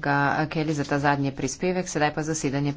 ga Kelly za ta zadnji prispevek, sedaj pa zasedanje.